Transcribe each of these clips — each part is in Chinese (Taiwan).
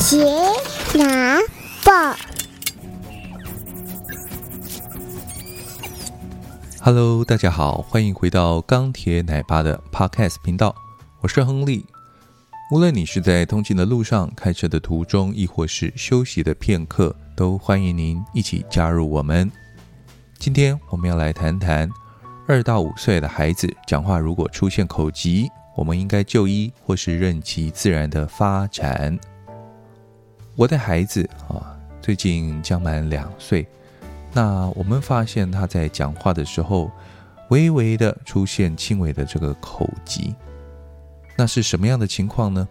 《傑拿報》Hello，大家好，歡迎回到鋼鐵奶爸的 Podcast 頻道，我是亨利。無論你是在通勤的路上、開車的途中，亦或是休息的片刻，都歡迎您一起加入我們。今天我們要來談談二到五歲的孩子講話如果出現口吃，我們應該就醫，或是任其自然的發展。我的孩子啊，最近將滿兩歲，那我們發現他在講話的時候，微微的出現輕微的這個口吃，那是什麼樣的情況呢？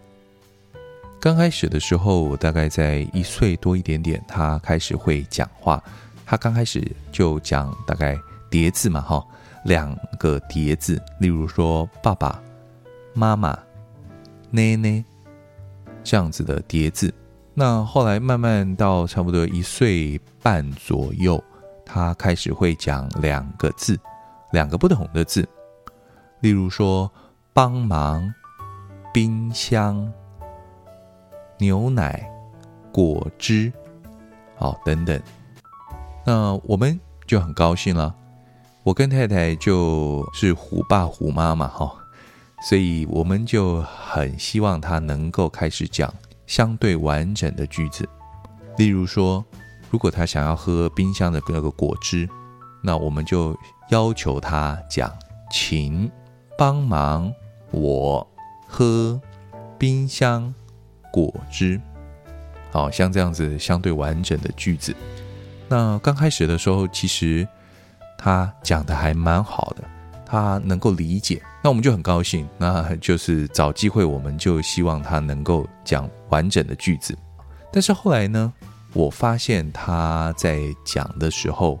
剛開始的時候，大概在一歲多一點點，他開始會講話，他剛開始就講大概疊字嘛，哈，兩個疊字，例如說爸爸媽媽、奶奶這樣子的疊字。那後來慢慢到差不多一歲半左右，他開始會講兩個字，兩個不同的字，例如說“幫忙”“冰箱”“牛奶”“果汁”好、哦、等等。那我們就很高興了。我跟太太就是虎爸虎媽嘛，哈，所以我們就很希望他能夠開始講。相對完整的句子，例如說，如果他想要喝冰箱的那個果汁，那我們就要求他講，請幫忙我喝冰箱果汁，好，像這樣子相對完整的句子。那剛開始的時候，其實他講的還蠻好的。他能夠理解，那我們就很高興。那就是找機會，我們就希望他能夠講完整的句子。但是後來呢，我發現他在講的時候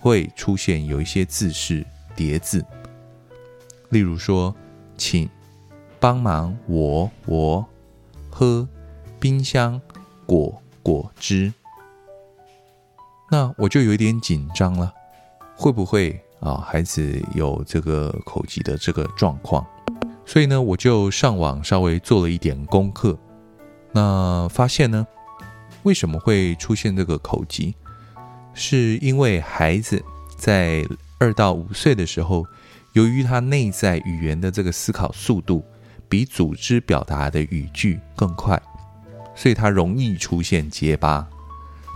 會出現有一些字是疊字，例如說“請幫忙我”，我我喝冰箱果果汁。那我就有點緊張了，會不會？啊，孩子有這個口吃的這個狀況，所以呢，我就上網稍微做了一點功課，那發現呢，為什麼會出現這個口吃？是因為孩子在二到五歲的時候，由於他內在語言的這個思考速度比組織表達的語句更快，所以他容易出現結巴。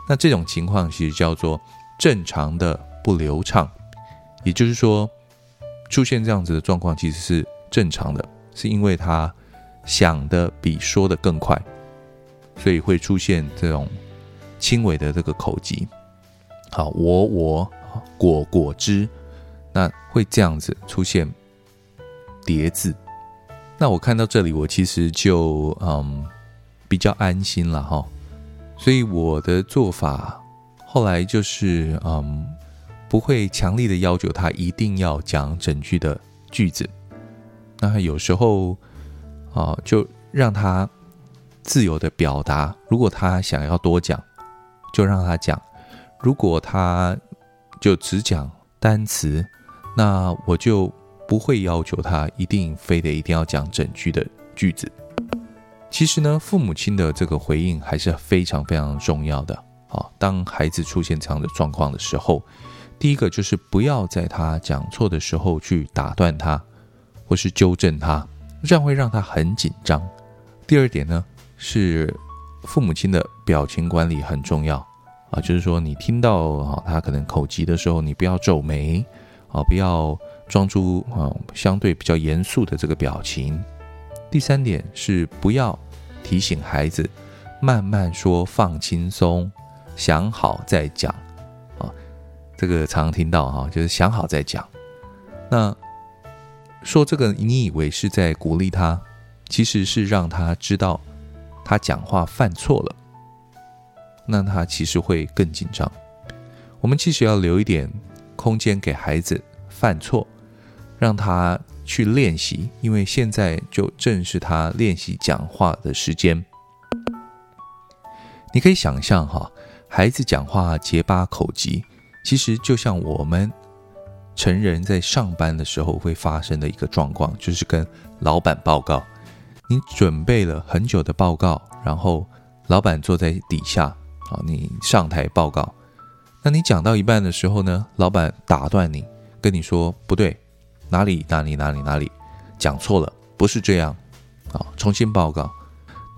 那這種情況其實叫做正常的不流暢。也就是說，出現這樣子的狀況其實是正常的，是因為他想的比說的更快，所以會出現這種輕微的這個口吃。好，我我果果汁，那會這樣子出現疊字。那我看到這裡，我其實就嗯比較安心了哈。所以我的做法後來就是嗯。不會強力的要求他一定要講整句的句子，那有時候啊、哦，就讓他自由的表達。如果他想要多講，就讓他講；如果他就只講單詞，那我就不會要求他一定非得一定要講整句的句子。其實呢，父母親的這個回應還是非常非常重要的。啊、哦。當孩子出現這樣的狀況的時候。第一個就是不要在他講錯的時候去打斷他，或是糾正他，這樣會讓他很緊張。第二點呢是，父母親的表情管理很重要啊，就是說你聽到啊他可能口吃的時候，你不要皺眉啊，不要裝出啊相對比較嚴肅的這個表情。第三點是不要提醒孩子慢慢說，放輕鬆，想好再講。這個常常聽到哈，就是想好再講。那說這個，你以為是在鼓勵他，其實是讓他知道他講話犯錯了。那他其實會更緊張。我們其實要留一點空間給孩子犯錯，讓他去練習，因為現在就正是他練習講話的時間。你可以想象哈，孩子講話結巴口吃。其實就像我們成人在上班的時候會發生的一個狀況，就是跟老板報告，你準備了很久的報告，然後老板坐在底下，啊，你上台報告，那你講到一半的時候呢，老板打斷你，跟你說不對，哪裡哪裡哪裡哪裡講錯了，不是這樣，啊，重新報告。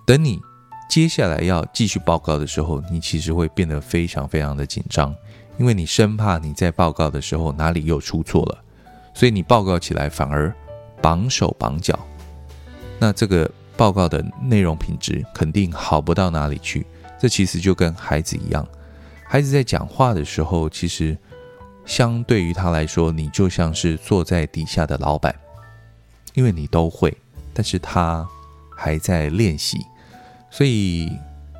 等你接下來要繼續報告的時候，你其實會變得非常非常的緊張。因為你生怕你在報告的時候哪裡又出錯了，所以你報告起來反而綁手綁腳，那這個報告的內容品質肯定好不到哪裡去。這其實就跟孩子一樣，孩子在講話的時候，其實相對於他來說，你就像是坐在底下的老闆，因為你都會，但是他還在練習，所以。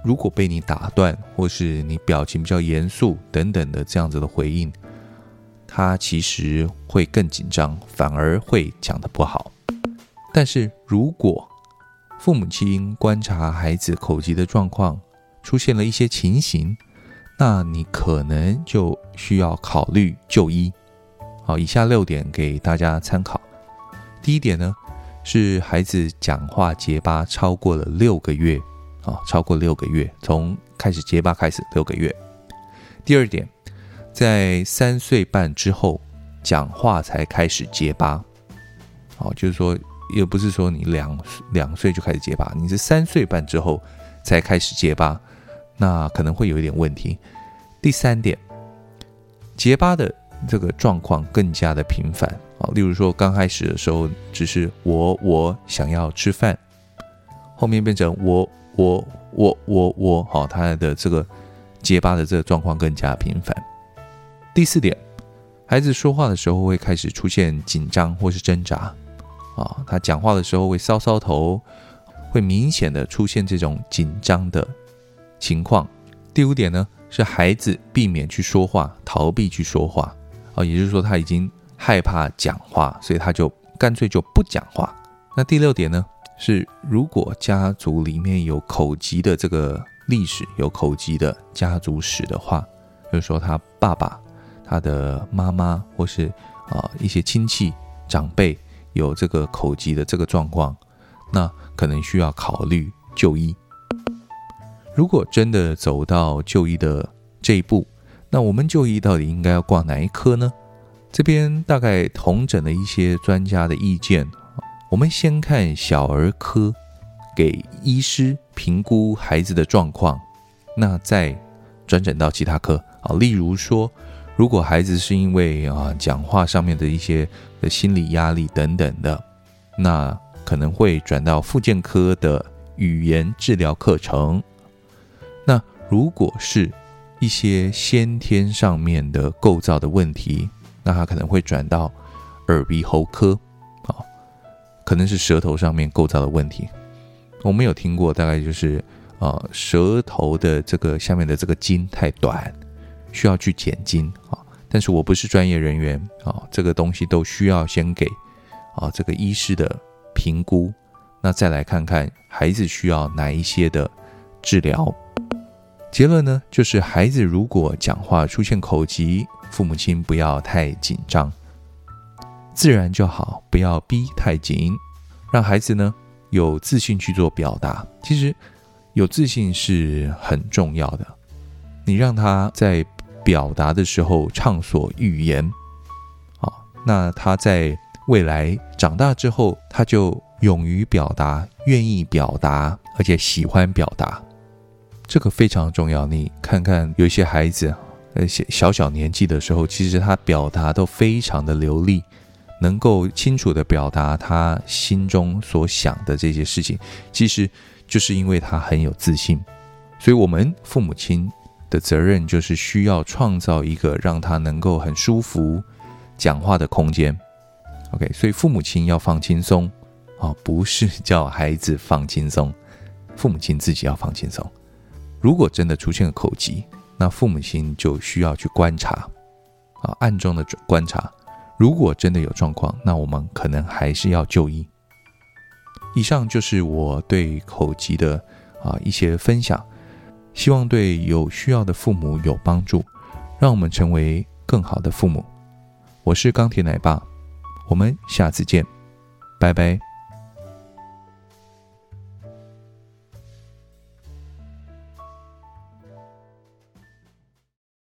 如果被你打斷，或是你表情比較嚴肅等等的這樣子的回應，他其實會更緊張，反而會講得不好。但是如果父母親觀察孩子口吃的狀況出現了一些情形，那你可能就需要考慮就醫。好，以下六點給大家參考。第一點呢，是孩子講話結巴超過了六個月。啊，超過六個月，從開始結巴開始六個月。第二點，在三歲半之後講話才開始結巴，哦，就是說，也不是說你兩兩歲就開始結巴，你是三歲半之後才開始結巴，那可能會有一點問題。第三點，結巴的這個狀況更加的頻繁，啊、哦，例如說剛開始的時候只是我我想要吃飯，後面變成我。我我我我，好、哦，他的這個結巴的這個狀況更加頻繁。第四點，孩子說話的時候會開始出現緊張或是掙扎啊、哦，他講話的時候會搔搔頭，會明顯的出現這種緊張的情況。第五點呢，是孩子避免去說話，逃避去說話啊、哦，也就是說他已經害怕講話，所以他就乾脆就不講話。那第六點呢？是，如果家族裡面有口吃的這個歷史，有口吃的家族史的話，就是說他爸爸、他的媽媽或是啊一些親戚長輩有這個口吃的這個狀況，那可能需要考慮就醫。如果真的走到就醫的這一步，那我們就醫到底應該要掛哪一科呢？這邊大概統整了一些專家的意見。我們先看小兒科，給醫師評估孩子的狀況，那再轉診到其他科啊。例如說，如果孩子是因為啊講話上面的一些的心理壓力等等的，那可能會轉到復健科的語言治療課程。那如果是一些先天上面的構造的問題，那他可能會轉到耳鼻喉科。可能是舌頭上面構造的問題，我們有聽過，大概就是啊舌頭的這個下面的這個筋太短，需要去剪筋啊。但是我不是專業人員啊，這個東西都需要先給啊這個醫師的評估，那再來看看孩子需要哪一些的治療。結論呢，就是孩子如果講話出現口吃，父母親不要太緊張。自然就好，不要逼太緊，讓孩子呢有自信去做表達。其實有自信是很重要的，你讓他在表達的時候暢所欲言，好，那他在未來長大之後，他就勇於表達，願意表達，而且喜歡表達，這個非常重要。你看看，有些孩子，在，小小年紀的時候，其實他表達都非常的流利。能夠清楚地表達他心中所想的這些事情，其實就是因為他很有自信，所以我們父母親的責任就是需要創造一個讓他能夠很舒服講話的空間。OK，所以父母親要放輕鬆啊，不是叫孩子放輕鬆，父母親自己要放輕鬆。如果真的出現了口吃，那父母親就需要去觀察啊，暗中的觀察。如果真的有狀況，那我們可能還是要就醫。以上就是我對口吃的啊一些分享，希望對有需要的父母有幫助，讓我們成為更好的父母。我是鋼鐵奶爸，我們下次見，拜拜。